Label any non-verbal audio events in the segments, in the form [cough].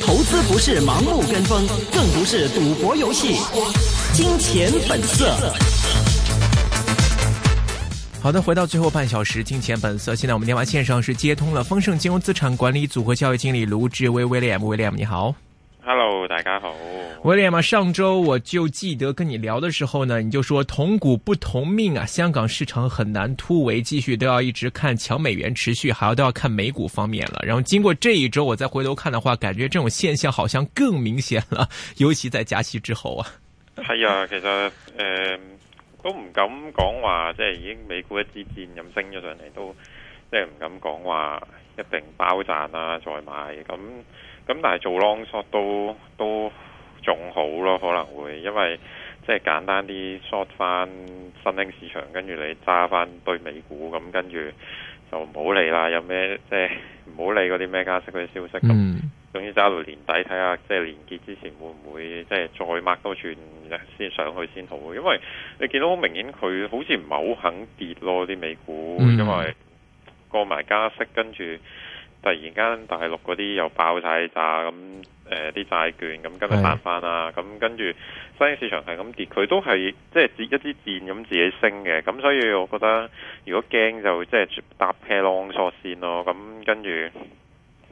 投資不是盲目跟風，更不是賭博遊戲。金錢本色。好的，回到最後半小時，金錢本色。現在我們電話線上是接通了豐盛金融資產管理組合交易經理盧志威 William，William，你好。hello，大家好。William 上周我就記得跟你聊的時候呢，你就說同股不同命啊，香港市場很難突圍，繼續都要一直看強美元，持續還要都要看美股方面了。然後經過這一周，我再回頭看的話，感覺這種現象好像更明顯了，尤其在加息之後啊。係啊，其實誒、呃、都唔敢講話，即係已經美股一支箭咁升咗上嚟，都即係唔敢講話一定包賺啦，再買咁。咁但係做 long short 都都仲好咯，可能會因為即係簡單啲 short 翻新興市場，跟住你揸翻對美股，咁跟住就唔好理啦。有咩即係唔好理嗰啲咩加息嗰啲消息。咁總、嗯、之揸到年底睇下，即係年結之前會唔會即係再 mark 多轉先上去先好。因為你見到明顯好明顯佢好似唔係好肯跌咯啲美股，嗯、因為過埋加息跟住。突然間大陸嗰啲又爆晒炸咁，誒、嗯、啲、呃、債券咁今日翻翻啦，咁、嗯、跟住新興市場係咁跌，佢都係即係接一啲電咁自己升嘅，咁、嗯、所以我覺得如果驚就即係搭 pair long short 先咯，咁、嗯、跟住。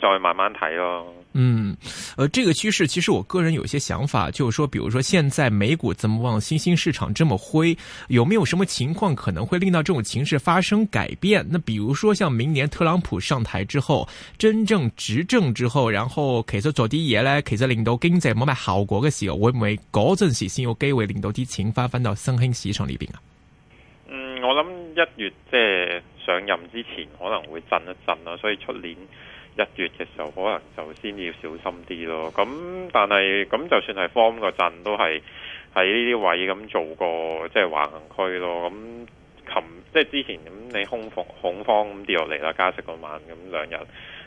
再慢慢睇咯。嗯，誒、呃，這個趨勢其實我個人有些想法，就是說，比如說現在美股這麼旺，新興市場這麼灰，有沒有什麼情況可能會令到這種情勢發生改變？那比如說，像明年特朗普上台之後，真正執政之後，然後其實做啲嘢呢，其實令到經濟冇咩效果嘅時候，會唔會嗰陣時先有機會令到啲錢翻翻到新興市場裏邊啊？嗯，我諗一月即係、呃、上任之前可能會震一震啦，所以出年。一月嘅時候可能就先要小心啲咯，咁但係咁就算係 form 個陣都係喺呢啲位咁做過，即係橫行區咯。咁琴，即係之前咁你恐慌恐慌咁跌落嚟啦，加息個晚咁兩日，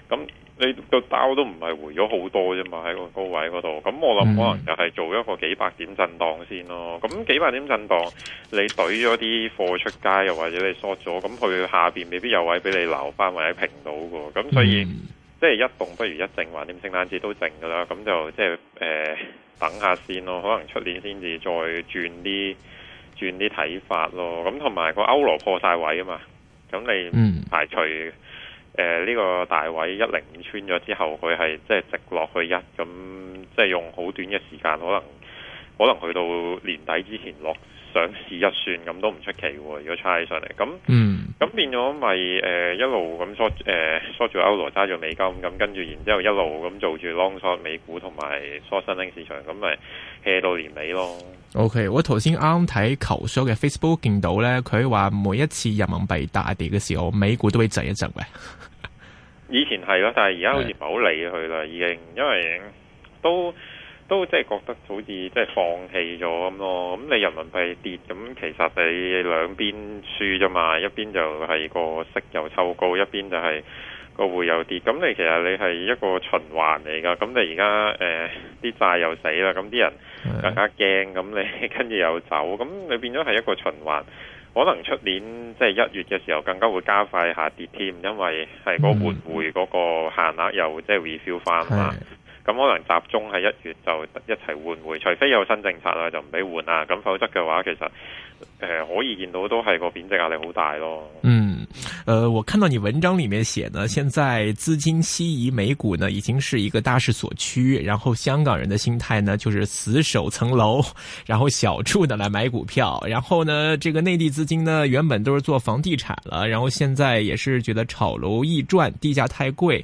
咁你個包都唔係回咗好多啫嘛，喺個高位嗰度。咁我諗可能就係做一個幾百點震盪先咯。咁幾百點震盪，你懟咗啲貨出街，又或者你 short 咗，咁佢下邊未必有位俾你留翻或者平到嘅。咁所以即係一動不如一靜，話啲聖誕節都靜噶啦，咁就即係誒等下先咯，可能出年先至再轉啲轉啲睇法咯。咁同埋個歐羅破晒位啊嘛，咁你排除誒呢、呃呢個大位一零五穿咗之後，佢係即係直落去一，咁即係用好短嘅時間，可能可能去到年底之前落。想試一算咁都唔出奇喎，如果差起上嚟咁，咁、嗯、變咗咪誒一路咁縮誒縮住歐羅，揸住美金，咁跟住然之後一路咁做住 long short 美股同埋縮新興市場，咁咪 hea 到年尾咯。OK，我頭先啱睇求收嘅 Facebook 見到咧，佢話每一次人民幣大跌嘅時候，美股都會窒一窒嘅。 [laughs] 以前係咯，但係而家好似唔係好理佢啦，已經因為都。都即係覺得好似即係放棄咗咁咯。咁你人民幣跌，咁其實你兩邊輸啫嘛。一邊就係個息又抽高，一邊就係個匯又跌。咁你其實你係一個循環嚟㗎。咁你而家誒啲債又死啦，咁啲人更加驚，咁你跟住又走，咁你變咗係一個循環，可能出年即係一月嘅時候更加會加快下跌添，因為係個換匯嗰個限額又即係 refill 翻嘛。咁可能集中喺一月就一齊換匯，除非有新政策啦，就唔俾換啦。咁否則嘅話，其實誒可以見到都係個貶值壓力好大咯。嗯，誒、呃，我看到你文章裡面寫呢，現在資金西移美股呢，已經是一個大勢所趨。然後香港人嘅心態呢，就是死守層樓，然後小注的來買股票。然後呢，這個內地資金呢，原本都是做房地產了，然後現在也是覺得炒樓易賺，地價太貴。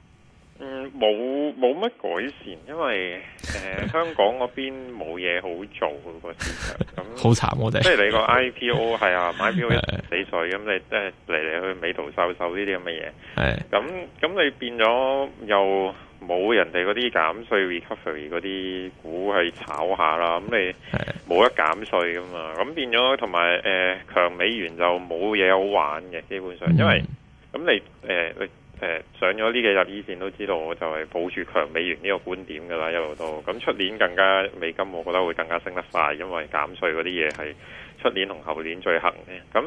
冇冇乜改善，因為誒、呃、香港嗰邊冇嘢好做 [laughs] 市場咁，好慘我哋。即係你個 IPO 係啊，IPO 一死水咁，你即係嚟嚟去美圖秀秀呢啲咁嘅嘢。係咁咁，你變咗又冇人哋嗰啲減稅 recovery 嗰啲股去炒下啦。咁你冇得減稅㗎嘛？咁變咗同埋誒強美元就冇嘢好玩嘅，基本上因為咁你誒你。呃呃誒上咗呢幾日以前都知道，我就係保住強美元呢個觀點㗎啦，一路都咁出年更加美金，我覺得會更加升得快，因為減稅嗰啲嘢係出年同後年再行嘅，咁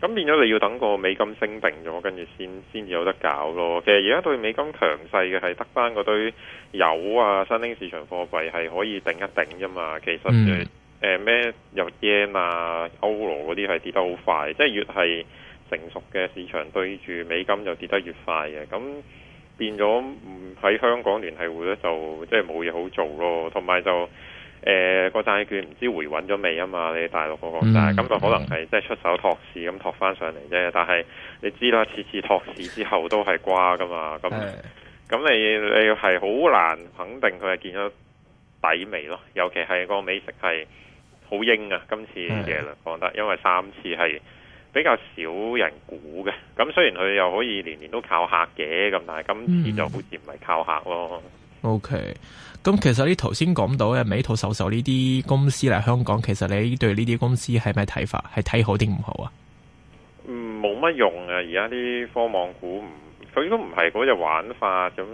咁變咗你要等個美金升定咗，跟住先先至有得搞咯。其實而家對美金強勢嘅係得翻嗰堆油啊、新興市場貨幣係可以定一定啫嘛。其實誒咩入 yen 啊、歐羅嗰啲係跌得好快，即係越係。成熟嘅市場對住美金就跌得越快嘅，咁變咗喺香港聯繫會咧就即係冇嘢好做咯，同埋就誒個、呃、債券唔知回穩咗未啊嘛？你大陸個個債咁、嗯、就可能係即係出手托市咁托翻上嚟啫，但係你知啦，次次托市之後都係瓜㗎嘛，咁咁的你你係好難肯定佢係見咗底未咯，尤其係個美食係好硬啊，今次嘅啦講得，因為三次係。比較少人估嘅，咁雖然佢又可以年年都靠客嘅，咁但係今次就好似唔係靠客咯。OK，咁其實你頭先講到嘅美圖秀秀呢啲公司嚟香港，其實你對呢啲公司係咩睇法？係睇好定唔好啊？冇乜用啊！而家啲科網股，佢都唔係嗰隻玩法，咁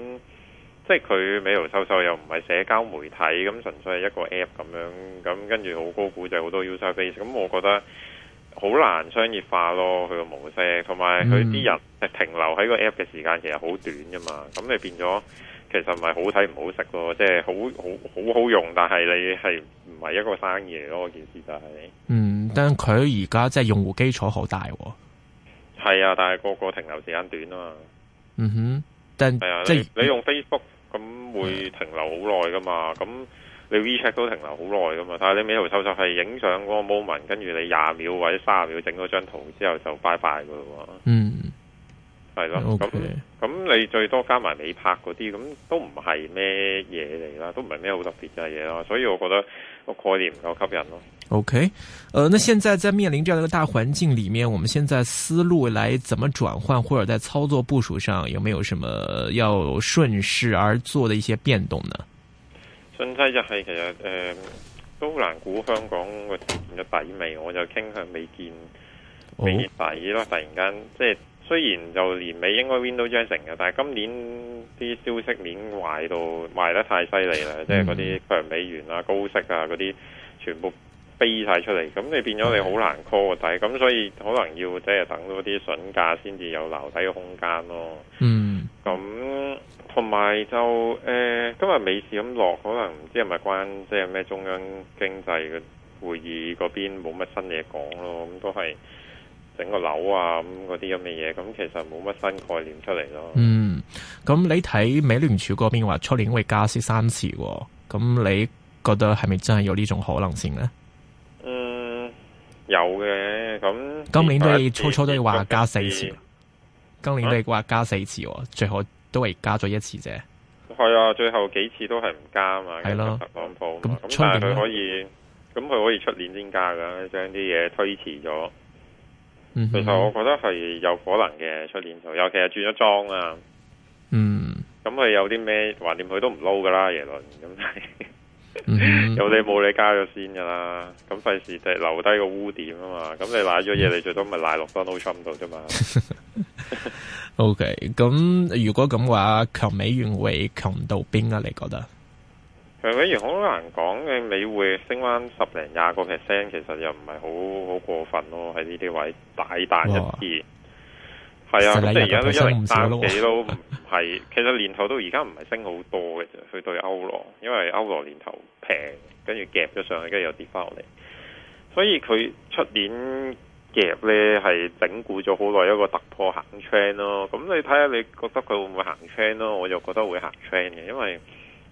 即係佢美圖秀秀又唔係社交媒體，咁純粹係一個 app 咁樣，咁跟住好高估值就好多 user base，咁我覺得。好難商業化咯，佢個模式，同埋佢啲人停留喺個 app 嘅時間其實好短噶嘛，咁你變咗其實咪好睇唔好食咯，即係好好好好用，但係你係唔係一個生意咯，件事就係、是。嗯，但佢而家即係用戶基礎好大喎、啊。係啊，但係個個停留時間短啊嘛。嗯哼，但係、啊、即係你用 Facebook 咁會停留好耐噶嘛？咁、嗯。嗯你 WeChat、e、都停留好耐噶嘛，但係你美圖秀秀係影相嗰個 moment，跟住你廿秒或者卅秒整咗張圖之後就拜拜 e b 噶咯喎。嗯，係咯啦，咁咁 Okay. 你最多加埋美拍嗰啲，咁都唔係咩嘢嚟啦，都唔係咩好特別嘅嘢咯，所以我覺得個概念唔夠吸引咯。OK，誒、呃，那現在在面臨這樣一個大環境裏面，我們現在思路來怎麼轉換，或者在操作部署上有沒有什麼要順勢而做的一些變動呢？信息就係其實誒、呃、都好難估香港個點嘅底味，我就傾向未見未見底咯。突然間，即係雖然就年尾應該 window dressing 嘅，但係今年啲消息面壞到壞得太犀利啦，嗯、即係嗰啲強美元啊、高息啊嗰啲全部飛晒出嚟，咁你變咗你好難 call 底、嗯，咁所以可能要即係等到啲筍價先至有留底嘅空間咯。嗯。咁同埋就誒、呃，今日美市咁落，可能唔知係咪關即係咩中央經濟嘅會議嗰邊冇乜新嘢講咯，咁都係整個樓啊咁嗰啲咁嘅嘢，咁、嗯、其實冇乜新概念出嚟咯。嗯，咁你睇美聯儲嗰邊話出年會加息三次、哦，咁你覺得係咪真係有呢種可能性咧？誒、嗯，有嘅，咁今年都係初初都係話加四次、哦。今年你係話加四次，最後都係加咗一次啫。係啊、嗯， [noise] 嗯、 [noise] 最後幾次都係唔加啊嘛。係咯，特朗普咁， [noise] 嗯、 [noise] 但係佢可以，咁佢可以出年先加噶，將啲嘢推遲咗。其實我覺得係有可能嘅出年就尤其係轉咗莊啊。嗯，咁佢 [noise] [noise] [noise] 有啲咩橫掂，佢都唔撈噶啦耶倫，咁有你冇你加咗先噶啦。咁費事留低個污點啊嘛。咁你瀨咗嘢，你最多咪瀨落 Donald Trump 度啫嘛。 [noise] [noise] O K，咁如果咁話，強美元會強到邊啊？你覺得強美元好難講嘅，美匯升翻十零廿個 percent，其實又唔係好好過分咯。喺呢啲位大彈一啲，係哇啊，咁你而家都一零三幾都唔係。其實, [laughs] 其實年頭都而家唔係升好多嘅，就去對歐羅，因為歐羅年頭平，跟住夾咗上去，跟住又跌翻落嚟，所以佢出年。夾咧係整固咗好耐，一個突破行 trend 咯，咁你睇下你覺得佢會唔會行 trend 咯？我就覺得會行 trend 嘅，因為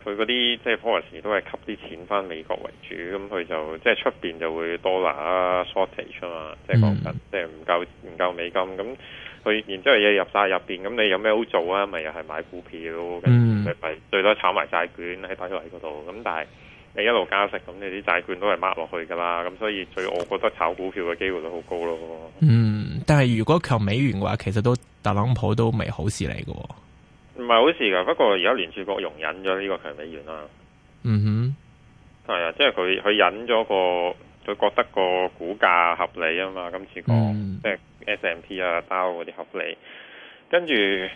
佢嗰啲即係 policy 都係吸啲錢翻美國為主，咁佢就即係出邊就會 dollar 啊 shortage 啊，即係講緊即係唔夠唔夠美金，咁佢然之後嘢入晒入邊，咁你有咩好做啊？咪又係買股票，跟住咪最多炒埋債券喺底位嗰度，咁但係。但你一路加息，咁你啲債券都係抹落去噶啦，咁所以最我覺得炒股票嘅機會都好高咯。嗯，但係如果強美元嘅話，其實都特朗普都未好事嚟嘅。哦。唔係好事噶，不過而家聯儲局容忍咗呢個強美元啦。嗯哼，係啊，即係佢佢引咗個，佢覺得個股價合理啊嘛，今次講，嗯、即係 S&P 啊，包嗰啲合理。跟住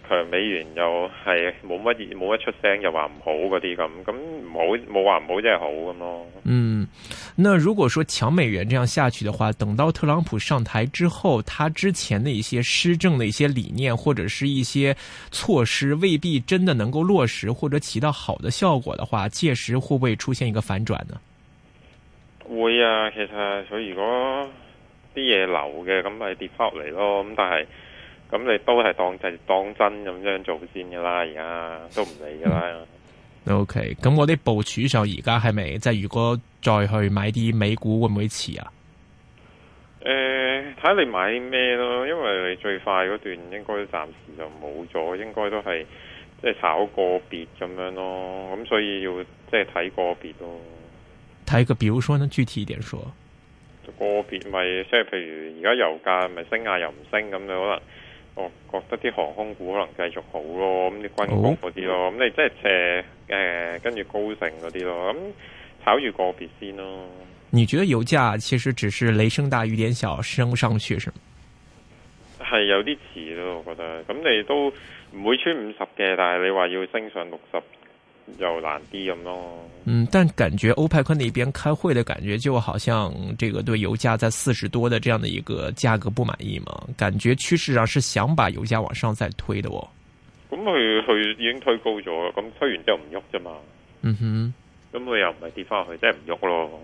強美元又係冇乜嘢，冇乜出聲，又話唔好嗰啲咁，咁唔好冇話唔好即係好咁咯。嗯，那如果說強美元這樣下去的話，等到特朗普上台之後，他之前的一些施政的一些理念或者是一些措施，未必真的能夠落實或者起到好的效果的話，屆時會不會出現一個反轉呢？會啊，其實佢如果啲嘢流嘅，咁咪跌翻落嚟咯。咁但係。咁你都係當制當真咁樣做先噶啦，而家都唔理噶啦。OK，咁我啲部署上而家係咪即係如果再去買啲美股會唔會遲啊？誒、呃，睇你買咩咯，因為你最快嗰段應該暫時就冇咗，應該都係即係炒個別咁樣咯。咁所以要即係睇個別咯。睇個，比如說呢，具體一點說，說個別咪即係譬如而家油價咪升啊，升啊，又唔升咁，你可能。我、哦、覺得啲航空股可能繼續好咯，咁啲軍工嗰啲咯，咁、哦、你即係誒，誒、呃，跟住高盛嗰啲咯，咁、嗯、炒住個別先咯。你覺得油價其實只是雷聲大雨點小，升上去是嗎。係有啲遲咯，我覺得，咁你都唔會穿五十嘅，但係你話要升上六十。又難啲咁咯。嗯，但感覺歐派克呢邊開會嘅感覺，就好像這個對油價在四十多的這樣的一個價格不滿意嘛？感覺趨勢上是想把油價往上再推的哦。咁佢佢已經推高咗啦，咁、嗯、推完之後唔喐啫嘛。嗯哼，咁佢又唔係跌翻去，即係唔喐咯。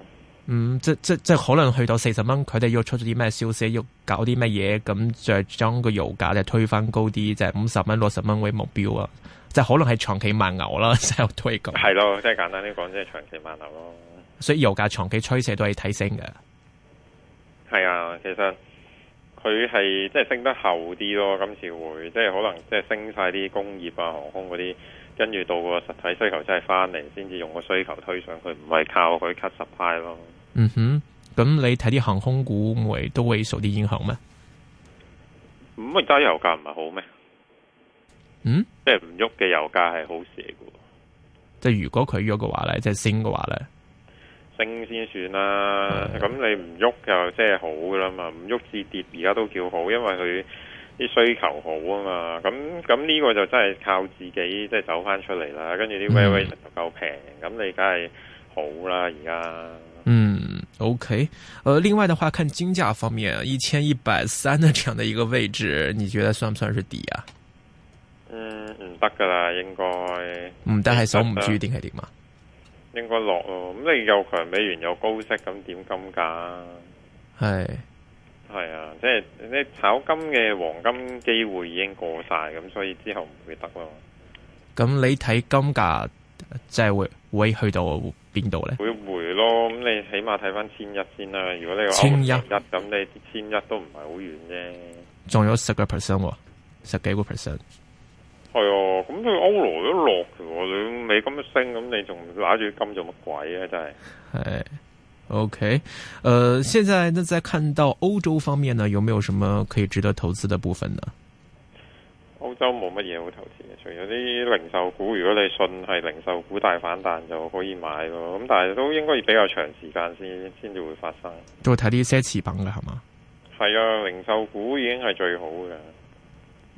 嗯，即即即係可能去到四十蚊，佢哋要出咗啲咩消息，要搞啲咩嘢，咁再將個油價就推翻高啲，就係五十蚊、六十蚊為目標啊。就可能係長期慢牛啦，石油推高。係咯，即係簡單啲講，即係長期慢牛咯。 [laughs] 牛咯，所以油價長期趨勢都係提升嘅。係啊，其實佢係即係升得後啲咯，今次會即係可能即係升晒啲工業啊、航空嗰啲，跟住到個實體需求真係翻嚟，先至用個需求推上去，唔係靠佢 cut 十派咯。的嗯哼，咁你睇啲航空股會都會受啲影響咩？唔係低油價唔係好咩？嗯，即係唔喐嘅油價係好事嘅，即係如果佢喐嘅話咧，即係升嘅話咧，升先算啦。咁、嗯、你唔喐就即係好噶啦嘛，唔喐至跌而家都叫好，因為佢啲需求好啊嘛。咁咁呢個就真係靠自己即係走翻出嚟啦。跟住啲 valuation 就夠平，咁、嗯、你梗係好啦。而家嗯，OK，誒、呃，另外嘅話，看金價方面，一千一百三的這樣的一個位置，你覺得算不算是底啊？得噶啦，應該唔得係守唔住，點係點啊？應該落咯，咁你又強美元又高息，咁點金價？係係是啊，即係你炒金嘅黃金機會已經過晒，咁所以之後唔會得咯。咁你睇金價即係會會去到邊度咧？會回咯，咁你起碼睇翻千一先啦。如果你話千一，咁你千一都唔係好遠啫。仲有十個 percent，十幾個 percent。係哦，咁佢歐羅都落嘅，你美金升，咁你仲拿住金做乜鬼啊？真係係，OK，誒，現在再看到歐洲方面呢，有冇有什麼可以值得投資的部分呢？歐洲冇乜嘢好投資，除咗啲零售股，如果你信係零售股大反彈就可以買咯。咁但係都應該比較長時間先先至會發生，都睇啲奢侈品嘅係嘛？係 [music] 啊，零售股已經係最好嘅。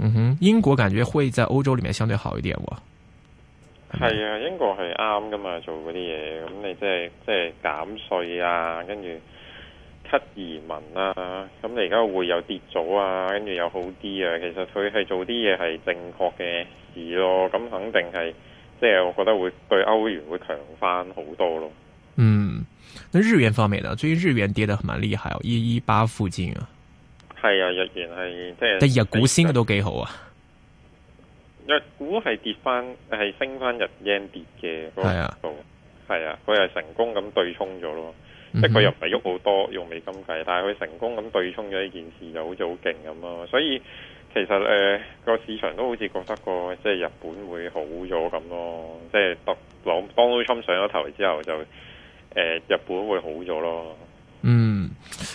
嗯哼，英國感覺會在歐洲裡面相對好一點喎。係啊，嗯、英國係啱噶嘛，做嗰啲嘢，咁你即係即係減稅啊，跟住吸移民啦、啊，咁你而家匯有跌咗啊，跟住又好啲啊，其實佢係做啲嘢係正確嘅事咯，咁肯定係，即係我覺得會對歐元會強返好多咯。嗯，那日元方面呢？最近日元跌得蠻厲害啊，一一八附近啊。係啊，日元係即係。第二日股先都幾好啊，日股係跌翻，係升翻日 yen 跌嘅。係啊，係啊，佢係成功咁對沖咗咯，即係佢又唔係喐好多用美金計，但係佢成功咁對沖咗呢件事，就好似好勁咁咯。所以其實誒個市場都好似覺得個即係日本會好咗咁咯，即係獨朗 d 都 n 上咗台之後就誒日本會好咗咯。嗯。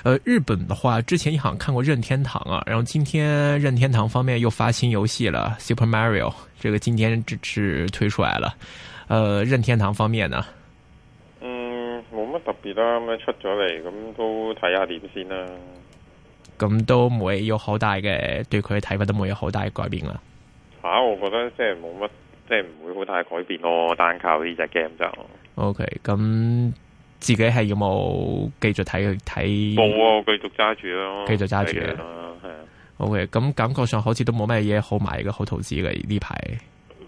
呃、日本的話，之前你好像看過任天堂啊，然後今天任天堂方面又發新遊戲啦，Super Mario，這個今天只是推出來了。誒、呃，任天堂方面呢？嗯，冇乜特別啦、啊，咁出咗嚟咁都睇下點先啦。咁、嗯、都冇有好大嘅對佢嘅睇法都冇有好大嘅改變啦、啊。吓、啊，我覺得即係冇乜，即係唔會好大改變咯、啊，單靠呢隻 game 就。OK，咁。自己係有冇繼續睇去睇？冇啊，我繼續揸住咯。繼續揸住咯，係啊。好嘅，咁、okay, 感覺上好似都冇咩嘢好買嘅好投資嘅，呢排。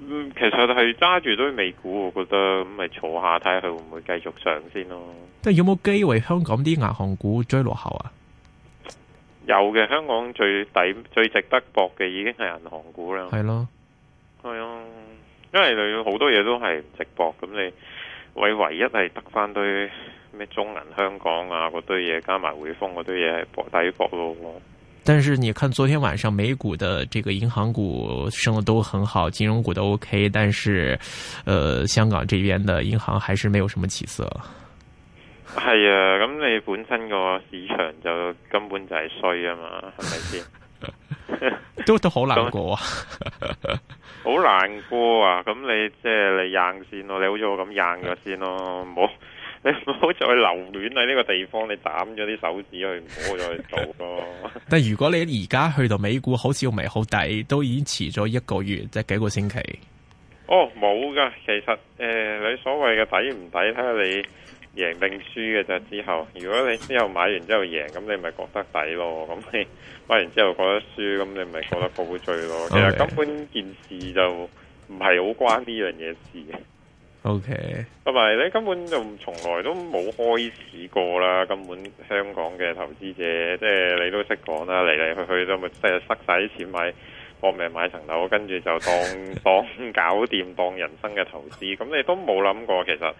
其實係揸住都未估，我覺得咁咪坐下睇下佢會唔會繼續上先咯。即係有冇機會香港啲銀行股追落後啊？有嘅，香港最抵、最值得博嘅已經係銀行股啦。係咯的，係啊，因為你好多嘢都係直博咁你。我唯一係得翻堆咩中銀香港啊，嗰堆嘢加埋匯豐嗰堆嘢係搏低搏咯。但是你看，昨天晚上美股的這個銀行股升得都很好，金融股都 OK，但是，呃，香港這邊的銀行還是沒有什麼起色。係 [laughs] 啊，咁你本身個市場就根本就係衰啊嘛，係咪先？ [laughs] [laughs] 都都好難過啊，好難過啊！咁你即係你硬先咯，你好似我咁硬咗先咯，冇，你唔好再留戀喺呢個地方，你斬咗啲手指去，唔好再做咯。但係如果你而家去到美股，好似唔係好抵，都已經遲咗一個月，即係幾個星期。 [laughs] 哦，冇噶，其實誒、呃，你所謂嘅抵唔抵，睇下你。贏定輸嘅啫，之後如果你之後買完之後贏，咁你咪覺得抵咯。咁你買完之後覺得輸，咁你咪覺得好醉咯。 [laughs] Okay. 其實根本件事就唔係好關呢樣嘢事嘅。O K，同埋你根本就從來都冇開始過啦。根本香港嘅投資者，即係你都識講啦，嚟嚟去去都咪即係塞晒啲錢買搏命買層樓，跟住就當 [laughs] 當搞掂當人生嘅投資。咁你都冇諗過其實。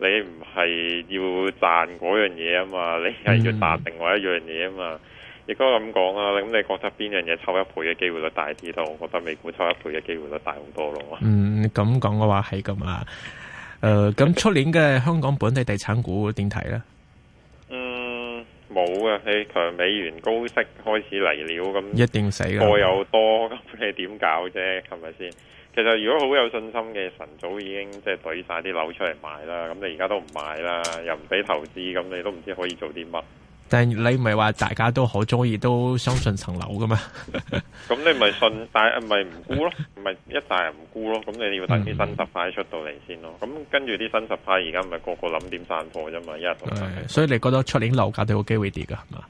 你唔係要賺嗰樣嘢啊嘛，你係要打另外一樣嘢啊嘛。亦都咁講啊，咁你覺得邊樣嘢抽一倍嘅機會率大啲咯？我覺得美股抽一倍嘅機會率大好多咯。嗯，咁講嘅話係咁啊。誒、呃，咁出年嘅香港本地地產股點睇咧？嗯，冇啊，你強美元高息開始嚟了，咁一定死個又多，咁你點搞啫？係咪先？其實如果好有信心嘅晨早已經即係懟晒啲樓出嚟賣啦，咁你而家都唔買啦，又唔俾投資，咁你都唔知可以做啲乜。但係你唔係話大家都好中意都相信層樓噶咩？咁、 [laughs] 嗯、 [laughs] 你咪信，但係咪唔沽咯？咪一大人唔沽咯？咁你要等啲新十派出到嚟先咯。咁、嗯、跟住啲新十派而家咪個個諗點散貨啫嘛，一日到黑、嗯、所以你覺得出年樓價都有機會跌噶係嘛？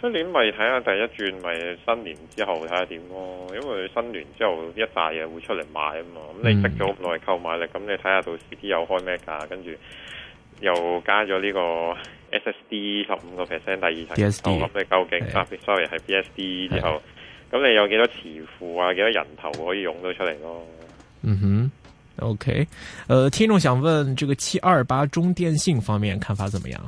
出年咪睇下第一轉咪新年之後睇下點咯，因為新年之後一大嘢會出嚟買啊嘛，咁、嗯、你食咗咁耐購買力，咁你睇下到時啲又開咩價，跟住又加咗呢個 SSD 十五個 percent 第二層，B SD, 我諗你究竟啊 sorry 係 BSD 之後，咁對你有幾多磁庫啊？幾多人頭可以用到出嚟咯？嗯哼，OK，呃，聽眾想問這個七二八中電信方面看法怎麼樣？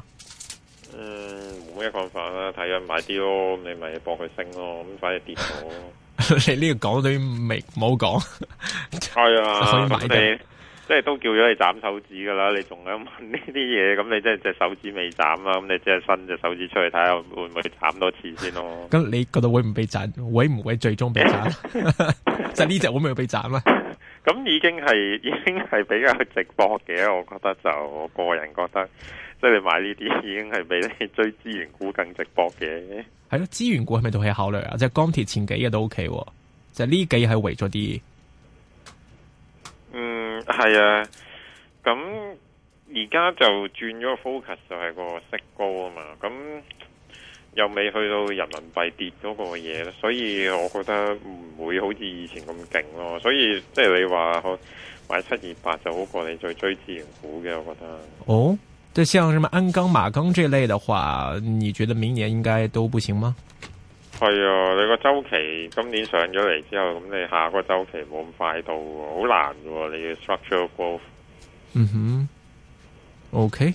咩方法啦？睇緊買啲咯，你咪搏佢升咯，咁反而跌咗。你呢個講都未冇講，係啊，所以咁你即係都叫咗你斬手指噶啦，你仲喺問呢啲嘢？咁你即係隻手指未斬啦，咁你即係伸隻手指出去睇下會唔會斬多次先、啊、咯？咁 [laughs] 你覺得會唔會斬？會唔會最終被斬？即 [laughs] 係呢隻會唔會被斬咧？咁已經係已經係比較值博嘅，我覺得就我個人覺得，即係你買呢啲已經係比你追資源股更值博嘅。係咯，資源股係咪都可以考慮啊？即係鋼鐵前幾日都 OK，就呢幾日係圍咗啲。嗯，係啊。咁而家就轉咗個 focus，就係個息高啊嘛。咁。又未去到人民幣跌嗰個嘢，所以我覺得唔會好似以前咁勁咯。所以即係你話買七二八就好過你再追資源股嘅，我覺得。哦，即係像什麼鞍鋼、馬鋼，鋼這類的話，你覺得明年應該都不行嗎？係啊，你個周期今年上咗嚟之後，咁你下個周期冇咁快到，好難嘅喎，你要 structural move。嗯哼，OK。